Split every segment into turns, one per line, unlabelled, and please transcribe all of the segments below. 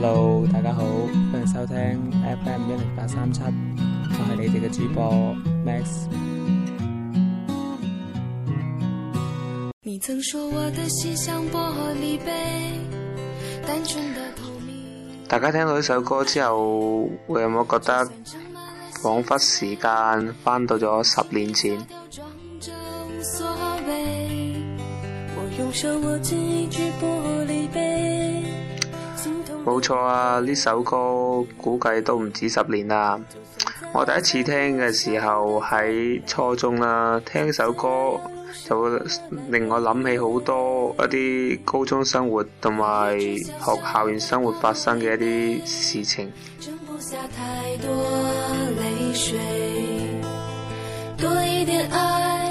hello，大家好，歡迎收聽 FM 一零八三
七，我係你哋嘅主播 Max。
大家聽到呢首歌之後，會有冇覺得仿佛時間返到咗十年前？ 冇錯啊！呢首歌估計都唔止十年啦。我第一次聽嘅時候喺初中啦，聽首歌就會令我諗起好多一啲高中生活同埋學校園生活發生嘅一啲事情。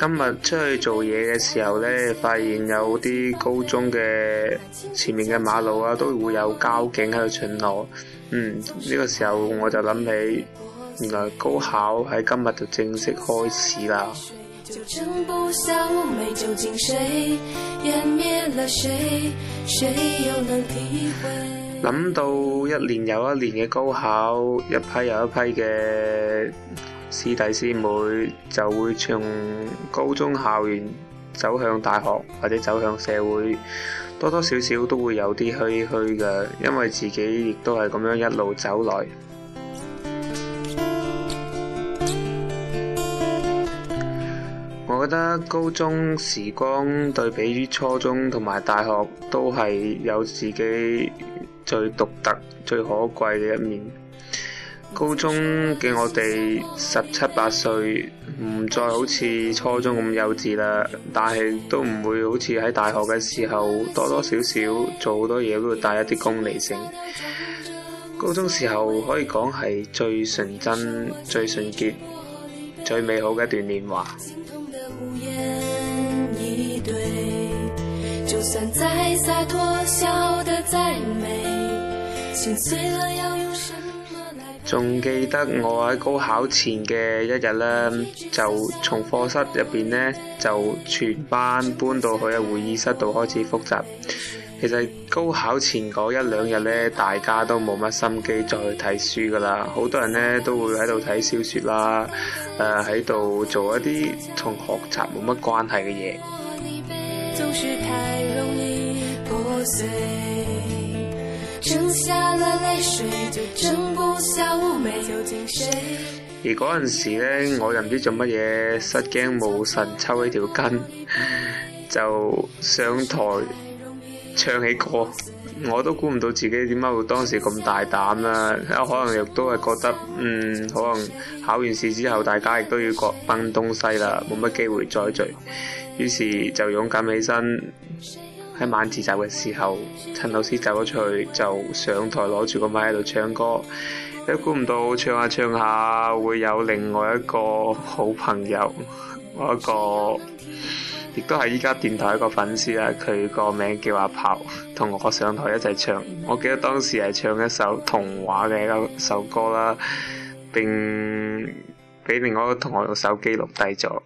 今日出去做嘢嘅時候咧，發現有啲高中嘅前面嘅馬路啊，都會有交警喺度巡邏。嗯，呢個時候我就諗起，原來高考喺今日就正式開始啦。
諗
到一年又一年嘅高考，一批又一批嘅。師弟師妹就會從高中校園走向大學，或者走向社會，多多少少都會有啲唏噓嘅，因為自己亦都係咁樣一路走來。 我覺得高中時光對比於初中同埋大學，都係有自己最獨特、最可貴嘅一面。高中嘅我哋十七八歲，唔再好似初中咁幼稚啦，但係都唔會好似喺大學嘅時候，多多少少做好多嘢都會帶一啲功利性。高中時候可以講係最純真、最純潔、最美好嘅一段年華。 仲記得我喺高考前嘅一日咧，就從課室入邊呢，就全班搬到去個會議室度開始複習。其實高考前嗰一兩日咧，大家都冇乜心機再去睇書噶啦，好多人咧都會喺度睇小説啦，誒喺度做一啲同學習冇乜關係嘅嘢。 而嗰陣時呢，我又唔知做乜嘢，失驚無神抽起條筋，就上台唱起歌。我都估唔到自己點解會當時咁大膽啦，啊！可能亦都係覺得，嗯，可能考完試之後大家亦都要各奔東西啦，冇乜機會再聚，於是就勇敢起身。喺晚自習嘅時候，趁老師走咗出去，就上台攞住個麥喺度唱歌。一估唔到唱下、啊、唱下、啊，會有另外一個好朋友，我一個亦都係依家電台一個粉絲啦。佢個名叫阿炮，同我上台一齊唱。我記得當時係唱一首童話嘅一首歌啦，並俾另外一個同學用手機錄低咗。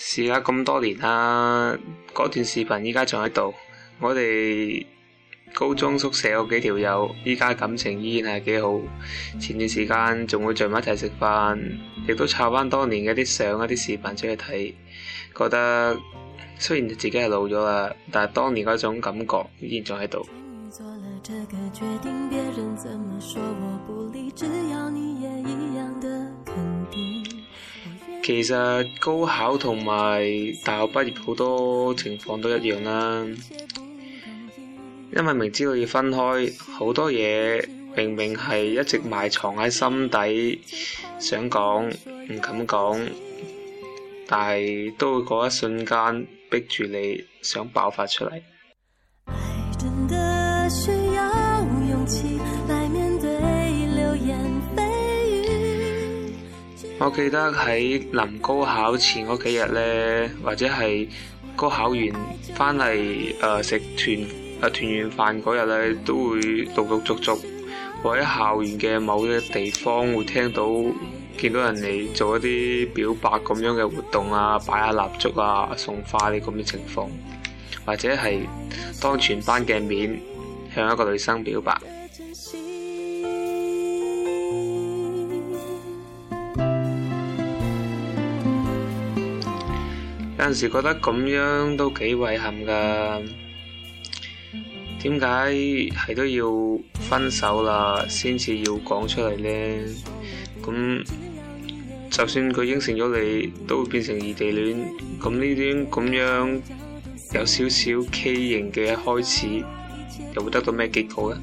試咗咁多年啦、啊，嗰段視頻依家仲喺度。我哋高中宿舍有幾條友，依家感情依然係幾好。前段時間仲會聚埋一齊食飯，亦都插翻當年嘅啲相、啲視頻出去睇，覺得雖然自己係老咗啦，但係當年嗰種感覺依然仲喺度。其實高考同埋大學畢業好多情況都一樣啦，因為明知道要分開，好多嘢明明係一直埋藏喺心底想講，唔敢講，但係都會嗰一瞬間逼住你想爆發出嚟。我記得喺臨高考前嗰幾日咧，或者係高考完翻嚟誒食團誒團圓飯嗰日咧，都會陸陸續續，或者校園嘅某啲地方會聽到見到人哋做一啲表白咁樣嘅活動啊，擺下蠟燭啊，送花啲咁嘅情況，或者係當全班嘅面向一個女生表白。有陣時覺得咁樣都幾遺憾噶，點解係都要分手啦，先至要講出嚟咧？咁就算佢應承咗你，都會變成異地戀，咁呢啲咁樣有少少畸形嘅開始，又會得到咩結果咧？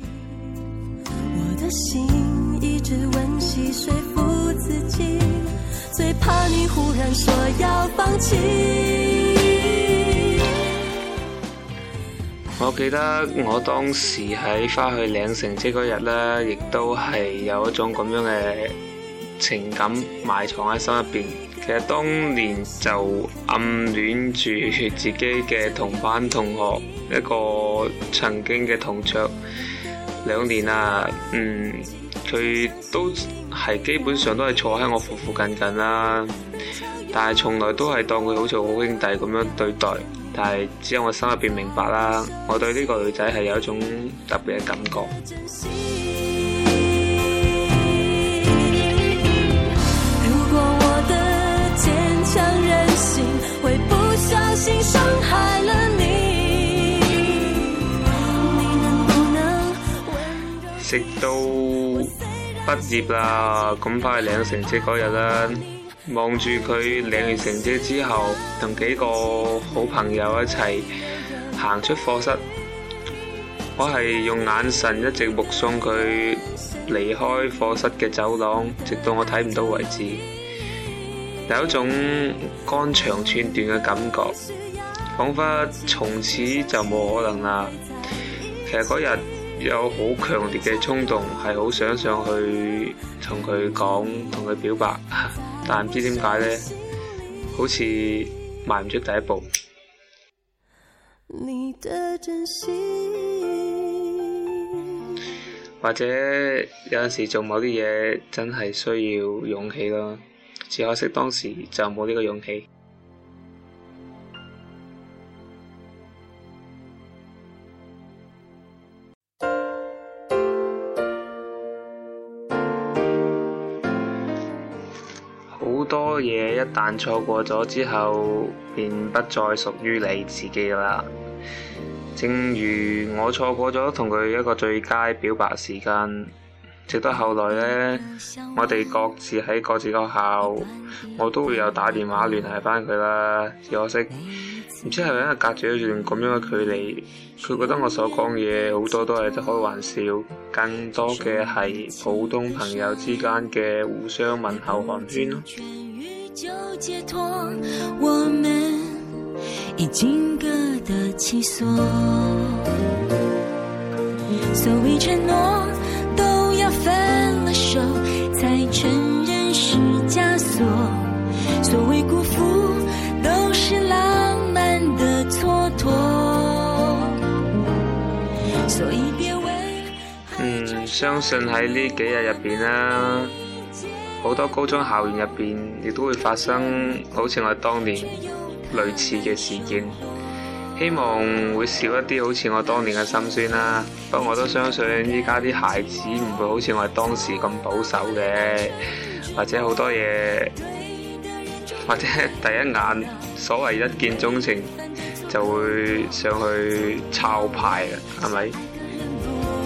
我記得我當時喺翻去領成績嗰日呢，亦都係有一種咁樣嘅情感埋藏喺心入邊。其實當年就暗戀住自己嘅同班同學，一個曾經嘅同桌，兩年啊，嗯。佢都係基本上都係坐喺我附附近近啦，但係從來都係當佢好似好兄弟咁樣對待，但係只有我心入邊明白啦，我對呢個女仔係有一種特別嘅感覺。直到畢業啦，咁快領成績嗰日啦，望住佢領完成績之後，同幾個好朋友一齊行出課室，我係用眼神一直目送佢離開課室嘅走廊，直到我睇唔到為止，有一種肝腸寸斷嘅感覺，彷彿從此就冇可能啦。其實嗰日，有好強烈嘅衝動，係好想上去同佢講，同佢表白，但唔知點解咧，好似邁唔出第一步。
或者
有陣時做某啲嘢真係需要勇氣囉，只可惜當時就冇呢個勇氣。好多嘢一旦錯過咗之後，便不再屬於你自己啦。正如我錯過咗同佢一個最佳表白時間，直到後來呢，我哋各自喺各自學校，我都會有打電話聯繫翻佢啦。只可惜。唔知係咪因為隔住一段咁樣嘅距離，佢覺得我所講嘢好多都係開玩笑，更多嘅係普通朋友之間嘅互相問候寒
暄咯。
相信喺呢幾日入邊啦，好多高中校園入邊亦都會發生好似我當年類似嘅事件。希望會少一啲好似我當年嘅心酸啦。不過我都相信依家啲孩子唔會好似我當時咁保守嘅，或者好多嘢或者第一眼所謂一見鍾情就會上去抄牌啦，係咪？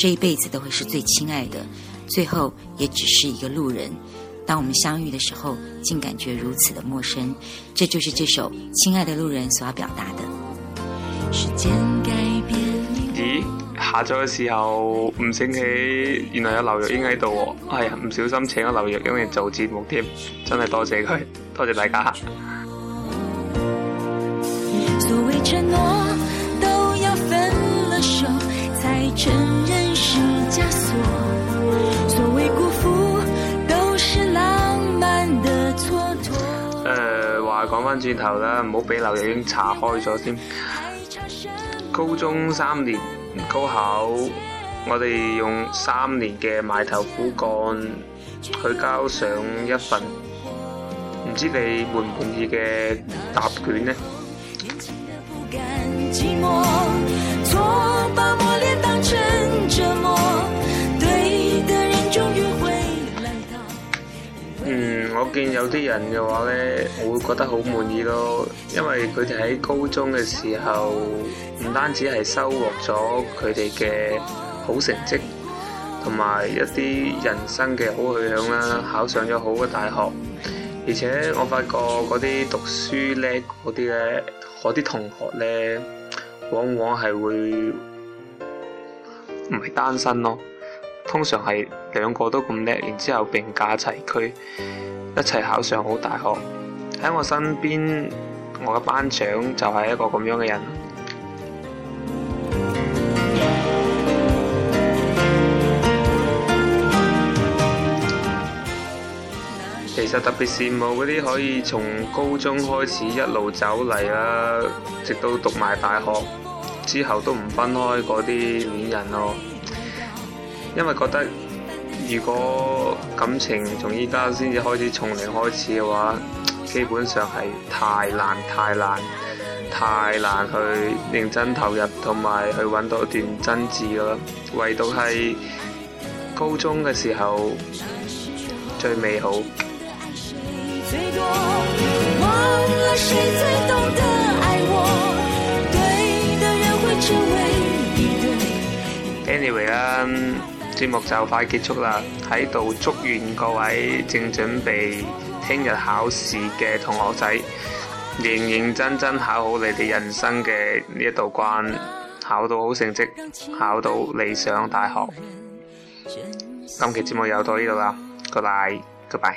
這一輩子都會是最親愛的，最後也只是一個路人。當我們相遇的時候，竟感覺如此的陌生。這就是這首《親愛的路人》所要表達的。
咦，下晝嘅時候唔醒起，原來有劉若英喺度。哎呀，唔小心請咗劉若英嚟做節目添，真係多謝佢，多謝大家。翻轉頭啦，唔好俾劉日英查開咗先。高中三年，唔高考，我哋用三年嘅埋頭苦幹去交上一份，唔知你滿唔滿意嘅答卷呢？見有啲人嘅話呢，我會覺得好滿意咯，因為佢哋喺高中嘅時候唔單止係收穫咗佢哋嘅好成績，同埋一啲人生嘅好去向啦，考上咗好嘅大學。而且我發覺嗰啲讀書叻嗰啲呢，嗰啲同學呢，往往係會唔係單身咯，通常係兩個都咁叻，然之後並駕齊驅。一齊考上好大學，喺我身邊，我嘅班長就係一個咁樣嘅人。 其實特別羨慕嗰啲可以從高中開始一路走嚟啦，直到讀埋大學之後都唔分開嗰啲戀人咯，因為覺得。如果感情從依家先至開始，從零開始嘅話，基本上係太難、太難、太難去認真投入，同埋去搵到一段真摯嘅咯。唯獨係高中嘅時候最美好。Anyway，嗯。節目就快結束啦，喺度祝願各位正準備聽日考試嘅同學仔，認認真真考好你哋人生嘅呢一道關，考到好成績，考到理想大學。今期節目又到呢度啦
，Goodbye，Goodbye。